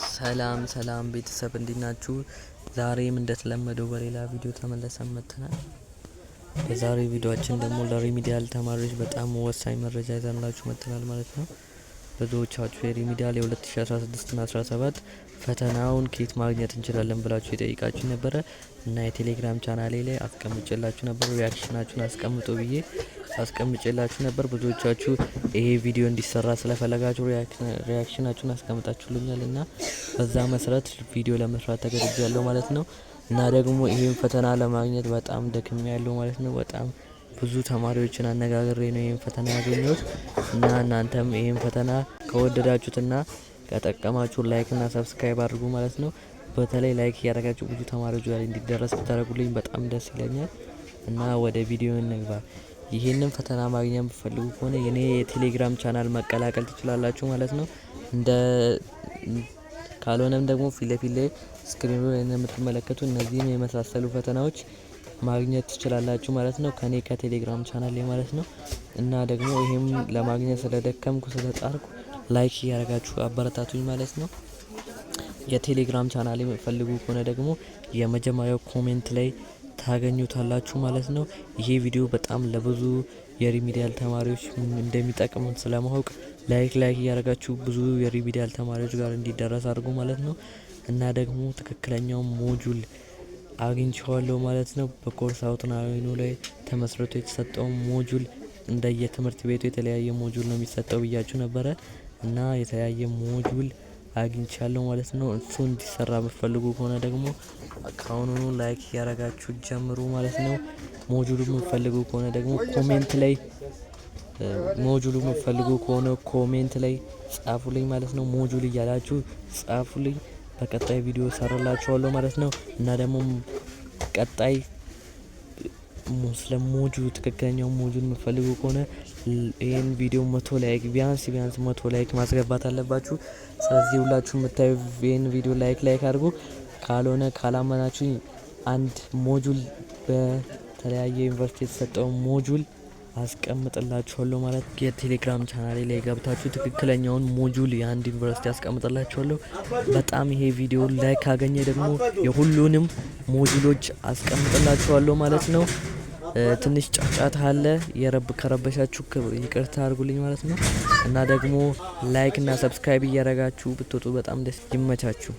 ሰላም ሰላም ቤተሰብ እንዲናችሁ፣ ዛሬም እንደተለመደው በሌላ ቪዲዮ ተመልሰን መጥተናል። በዛሬ ቪዲዮችን ደግሞ ለሪሚዲያል ተማሪዎች በጣም ወሳኝ መረጃ ይዘንላችሁ መጥተናል ማለት ነው። ብዙዎቻችሁ የሪሚዲያል የ 2016 እና 17 ፈተናውን ኬት ማግኘት እንችላለን ብላችሁ የጠይቃችሁ ነበረ እና የቴሌግራም ቻናሌ ላይ አስቀምጬላችሁ ነበር። ሪያክሽናችሁን አስቀምጦ ብዬ አስቀምጬላችሁ ነበር። ብዙዎቻችሁ ይሄ ቪዲዮ እንዲሰራ ስለፈለጋችሁ ሪያክሽናችሁን አስቀምጣችሁልኛል እና በዛ መሰረት ቪዲዮ ለመስራት ተገድጃለሁ ማለት ነው እና ደግሞ ይህን ፈተና ለማግኘት በጣም ደክም ያለው ማለት ነው። በጣም ብዙ ተማሪዎችን አነጋግሬ ነው ይህን ፈተና ያገኘሁት እና እናንተም ይህን ፈተና ከወደዳችሁትና ከጠቀማችሁ ላይክና ሰብስክራይብ አድርጉ ማለት ነው። በተለይ ላይክ እያደረጋችሁ ብዙ ተማሪዎች ጋር እንዲደረስ ብታደረጉልኝ በጣም ደስ ይለኛል እና ወደ ቪዲዮ እንግባ። ይህንን ፈተና ማግኘት የምትፈልጉ ከሆነ የኔ የቴሌግራም ቻናል መቀላቀል ትችላላችሁ ማለት ነው። እንደ ካልሆነም ደግሞ ፊት ለፊት ላይ ስክሪኑ ላይ እንደምትመለከቱ የመሳሰሉ ፈተናዎች ማግኘት ትችላላችሁ ማለት ነው። ከኔ ከቴሌግራም ቻናል ላይ ማለት ነው። እና ደግሞ ይሄም ለማግኘት ስለደከምኩ ስለጣርኩ ላይክ እያደረጋችሁ አበረታቱኝ ማለት ነው። የቴሌግራም ቻናል የምትፈልጉ ከሆነ ደግሞ የመጀመሪያው ኮሜንት ላይ ታገኙታላችሁ ማለት ነው። ይሄ ቪዲዮ በጣም ለብዙ የሪሚዲያል ተማሪዎች እንደሚጠቅም ስለማወቅ ላይክ ላይክ እያደረጋችሁ ብዙ የሪሚዲያል ተማሪዎች ጋር እንዲደረስ አድርጉ ማለት ነው። እና ደግሞ ትክክለኛው ሞጁል አግኝቼዋለሁ ማለት ነው። በኮርስ አውትላይኑ ላይ ተመስርቶ የተሰጠው ሞጁል እንደየትምህርት ቤቱ የተለያየ ሞጁል ነው የሚሰጠው ብያችሁ ነበረ እና የተለያየ ሞጁል አግኝቻለሁ ማለት ነው። እሱ እንዲሰራ የምትፈልጉ ከሆነ ደግሞ ከአሁኑኑ ላይክ እያረጋችሁ ጀምሩ ማለት ነው። ሞጁሉ የምትፈልጉ ከሆነ ደግሞ ኮሜንት ላይ ሞጁሉ የምትፈልጉ ከሆነ ኮሜንት ላይ ጻፉልኝ ማለት ነው። ሞጁል እያላችሁ ጻፉልኝ። በቀጣይ ቪዲዮ ሰራላችኋለሁ ማለት ነው እና ደግሞ ቀጣይ ስለ ሞጁ ትክክለኛው ሞጁን የምፈልጉ ከሆነ ይህን ቪዲዮ መቶ ላይክ ቢያንስ ቢያንስ መቶ ላይክ ማስገባት አለባችሁ። ስለዚህ ሁላችሁ የምታዩ ይህን ቪዲዮ ላይክ ላይክ አድርጉ። ካልሆነ ካላመናችሁ አንድ ሞጁል በተለያየ ዩኒቨርሲቲ የተሰጠው ሞጁል አስቀምጥላችኋለሁ ማለት የቴሌግራም ቻናሌ ላይ ገብታችሁ ትክክለኛውን ሞጁል የአንድ ዩኒቨርሲቲ አስቀምጥላችኋለሁ። በጣም ይሄ ቪዲዮ ላይ ካገኘ ደግሞ የሁሉንም ሞጁሎች አስቀምጥላችኋለሁ ማለት ነው። ትንሽ ጫጫት አለ፣ የረብ ከረበሻችሁ ይቅርታ አድርጉልኝ ማለት ነው። እና ደግሞ ላይክ እና ሰብስክራይብ እያደረጋችሁ ብትወጡ በጣም ደስ ይመቻችሁ።